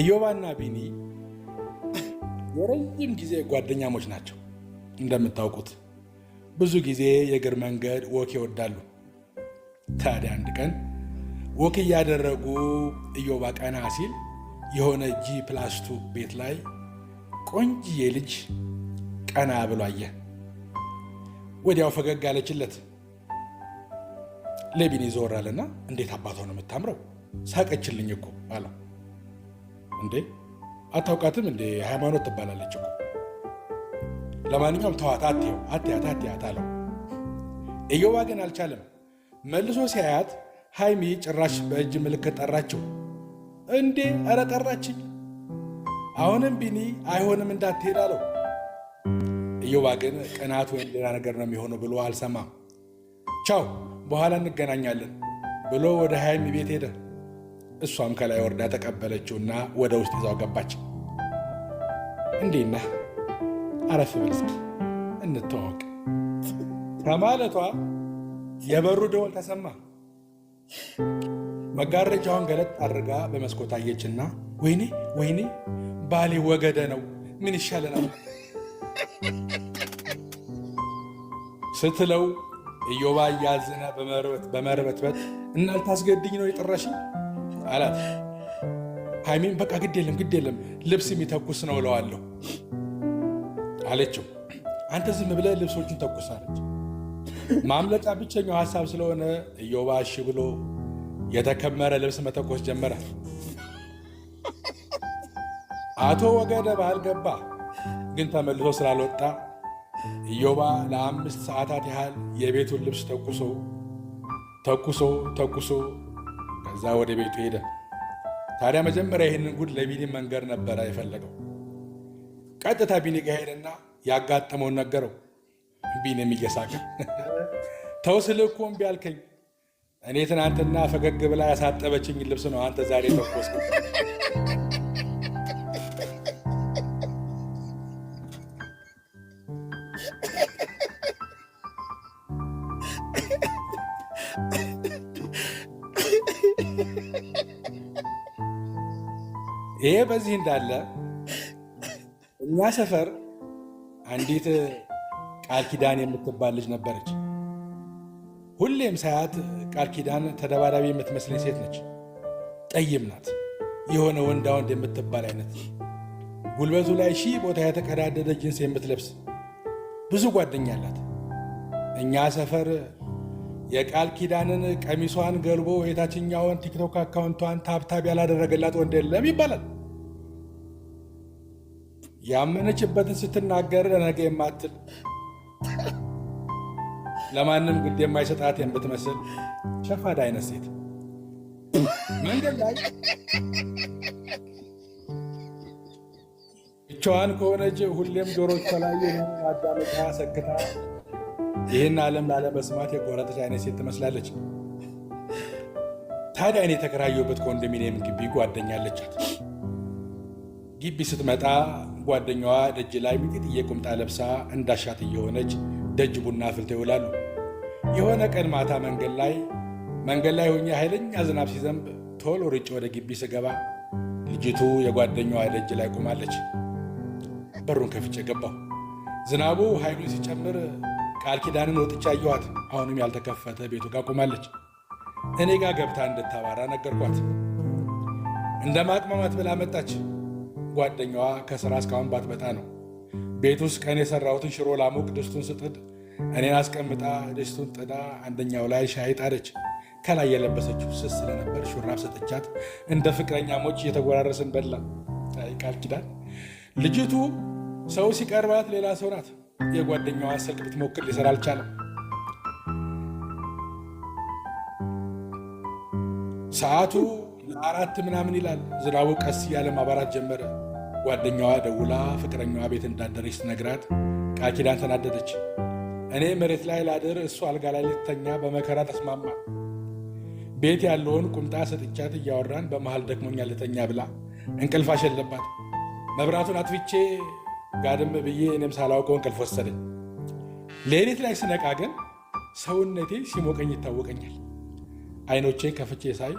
ኢዮባና ቢኒ የረጅም ጊዜ ጓደኛሞች ናቸው። እንደምታውቁት ብዙ ጊዜ የእግር መንገድ ወክ ይወዳሉ። ታዲያ አንድ ቀን ወክ እያደረጉ ኢዮባ ቀና ሲል የሆነ ጂ ፕላስቱ ቤት ላይ ቆንጅዬ ልጅ ቀና ብሎ አየ። ወዲያው ፈገግ አለችለት። ለቢኒ ዞር አለና እንዴት አባቷ ነው የምታምረው፣ ሳቀችልኝ እኮ አለው። እንዴ አታውቃትም እንዴ ሃይማኖት ትባላለች እኮ ለማንኛውም ተዋት አትየው አትያት አትያት አለው እዮባ ግን አልቻለም መልሶ ሲያያት ሃይሚ ጭራሽ በእጅ ምልክት ጠራችው እንዴ ኧረ ጠራችኝ አሁንም ቢኒ አይሆንም እንዳትሄድ አለው እዮባ ግን ቅናት ወይም ሌላ ነገር ነው የሚሆነው ብሎ አልሰማም ቻው በኋላ እንገናኛለን ብሎ ወደ ሃይሚ ቤት ሄደ እሷም ከላይ ወርዳ ተቀበለችውና ወደ ውስጥ ይዛው ገባች። እንዴና አረፍ ብል እስኪ እንተዋወቅ ከማለቷ የበሩ ደወል ተሰማ። መጋረጃውን ገለጥ አድርጋ በመስኮት አየችና ወይኔ ወይኔ ባሌ ወገደ ነው፣ ምን ይሻለናል ስትለው እዮባ እያዘነ በመርበትበት እናልታስገድኝ ነው የጠራሽኝ አላት። ሀይሜን በቃ ግድ የለም ግድ የለም ልብስ የሚተኩስ ነው እለዋለሁ አለችው። አንተ ዝም ብለህ ልብሶቹን ተኩስ አለች። ማምለጫ ብቸኛው ሀሳብ ስለሆነ እዮባ እሺ ብሎ የተከመረ ልብስ መተኮስ ጀመረ። አቶ ወገደ ባህል ገባ፣ ግን ተመልሶ ስላልወጣ እዮባ ለአምስት ሰዓታት ያህል የቤቱን ልብስ ተኩሶ ተኩሶ ተኩሶ እዛ ወደ ቤቱ ሄደ። ታዲያ መጀመሪያ ይህንን ጉድ ለቢኒ መንገር ነበረ የፈለገው። ቀጥታ ቢኒ ጋር ሄደና ያጋጠመውን ነገረው። ቢኒም እየሳቀ ተው ስልህ እኮ እምቢ አልከኝ። እኔ ትናንትና ፈገግ ብላ ያሳጠበችኝ ልብስ ነው አንተ ዛሬ ተኮስክ። ይሄ በዚህ እንዳለ እኛ ሰፈር አንዲት ቃል ኪዳን የምትባል ልጅ ነበረች። ሁሌም ሳያት ቃል ኪዳን ተደባዳቢ የምትመስለኝ ሴት ነች። ጠይም ናት፣ የሆነ ወንዳ ወንድ የምትባል አይነት፣ ጉልበቱ ላይ ሺህ ቦታ የተቀዳደደ ጅንስ የምትለብስ ብዙ ጓደኛ አላት። እኛ ሰፈር የቃል ኪዳንን ቀሚሷን ገልቦ የታችኛውን ቲክቶክ አካውንቷን ታብታብ ያላደረገላት ወንድ የለም ይባላል። ያመነችበትን ስትናገር ለነገ የማትል ለማንም ግድ የማይሰጣት የምትመስል ሸፋድ አይነት ሴት መንገድ ላይ ብቻዋን ከሆነች ሁሌም ጆሮቿ ላይ አዳመጫ ሰክታ ይህን ዓለም ላለመስማት የቆረጠች አይነት ሴት ትመስላለች። ታዲያ እኔ የተከራየሁበት ኮንዶሚኒየም ግቢ ጓደኛ አለቻት። ግቢ ስትመጣ ጓደኛዋ ደጅ ላይ ሚጢጥዬ ቁምጣ ለብሳ እንዳሻት እየሆነች ደጅ ቡና አፍልተው ይውላሉ። የሆነ ቀን ማታ መንገድ ላይ መንገድ ላይ ሆኜ ኃይለኛ ዝናብ ሲዘንብ ቶሎ ርጭ ወደ ግቢ ስገባ ልጅቱ የጓደኛዋ ደጅ ላይ ቆማለች። በሩን ከፍቼ ገባሁ። ዝናቡ ኃይሉን ሲጨምር ቃል ኪዳንን ወጥቻ አየኋት። አሁንም ያልተከፈተ ቤቱ ጋር ቆማለች። እኔ ጋር ገብታ እንድታባራ ነገርኳት። እንደ ማቅመማት ብላ መጣች። ጓደኛዋ ከሥራ እስካሁን ባትመጣ ነው። ቤት ውስጥ ቀን የሠራሁትን ሽሮ ላሙቅ ድስቱን ስጥድ እኔን አስቀምጣ ድስቱን ጥዳ አንደኛው ላይ ሻይ ጣደች። ከላይ የለበሰችው ስስ ስለነበር ሹራብ ሰጠቻት። እንደ ፍቅረኛሞች እየተጎራረስን በላ ቃል ኪዳን ልጅቱ ሰው ሲቀርባት ሌላ ሰው ናት። የጓደኛዋ ስልክ ብትሞክር ሊሰራ አልቻለም። ሰዓቱ ለአራት ምናምን ይላል። ዝናቡ ቀስ እያለ ማባራት ጀመረ። ጓደኛዋ ደውላ ፍቅረኛዋ ቤት እንዳደረች ስትነግራት ቃል ኪዳን ተናደደች። እኔ መሬት ላይ ላድር፣ እሱ አልጋ ላይ ልተኛ በመከራ ተስማማ። ቤት ያለውን ቁምጣ ሰጥቻት እያወራን በመሃል ደክሞኛ ልተኛ ብላ እንቅልፍ አሸለባት። መብራቱን አጥፍቼ ጋድም ብዬ እኔም ሳላውቀው እንቅልፍ ወሰደኝ። ሌሊት ላይ ስነቃ ግን ሰውነቴ ሲሞቀኝ ይታወቀኛል። አይኖቼን ከፍቼ ሳይ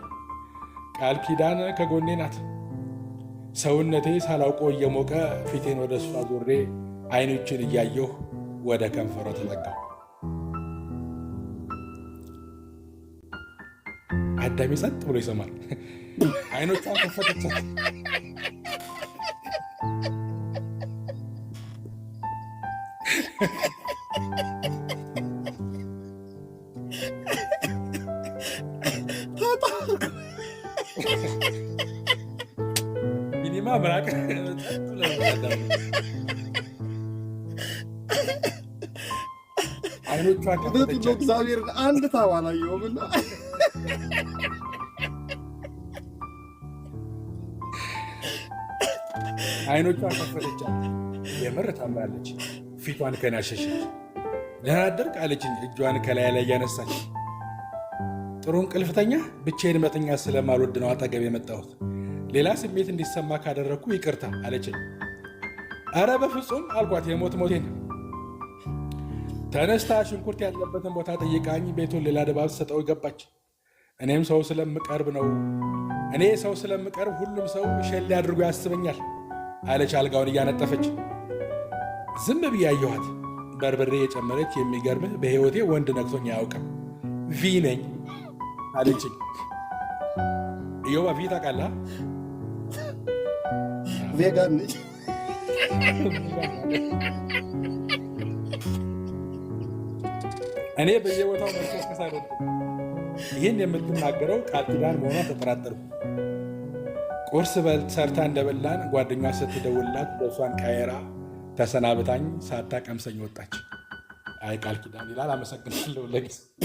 ቃል ኪዳን ከጎኔ ናት። ሰውነቴ ሳላውቆ እየሞቀ ፊቴን ወደ እሷ ዞሬ አይኖችን እያየሁ ወደ ከንፈሯ ተጠጋሁ። አዳሜ ጸጥ ብሎ ይሰማል። አይኖቿን ከፈተቻት። ሚኒማ ምራቅ እግዚአብሔርን አንድ ታባላየውምና አይኖቿ ከፈተቻ። የምር ታምራለች። ፊቷን ከኔ አሸሸች። ደህና አደርክ አለችኝ፣ እጇን ከላይ ላይ እያነሳች። ጥሩ እንቅልፍተኛ ብቻዬን መተኛ ስለማልወድ ነው አጠገብ የመጣሁት። ሌላ ስሜት እንዲሰማ ካደረግኩ ይቅርታ አለችኝ። አረ በፍጹም አልኳት፣ የሞት ሞቴን። ተነስታ ሽንኩርት ያለበትን ቦታ ጠይቃኝ ቤቱን ሌላ ድባብ ሰጠው ገባች። እኔም ሰው ስለምቀርብ ነው እኔ ሰው ስለምቀርብ ሁሉም ሰው ሸሌ አድርጎ ያስበኛል አለች አልጋውን እያነጠፈች ዝም ብያየኋት በርበሬ የጨመረች የሚገርም በህይወቴ ወንድ ነክቶኝ አያውቅም። ቪ ነኝ አለችኝ። እዮባ ቪ ታውቃለህ? ነች። እኔ በየቦታው መቀስቀስ አይደለም። ይህን የምትናገረው ቃል ኪዳን መሆኗ ተጠራጠርኩ። ቁርስ ሰርታ እንደበላን ጓደኛ ስትደውልላት ልብሷን ቀየራ ተሰናብታኝ ሳታቀምሰኝ ወጣች። አይ ቃል ኪዳን ይላል። አመሰግናለሁ ለጊዜ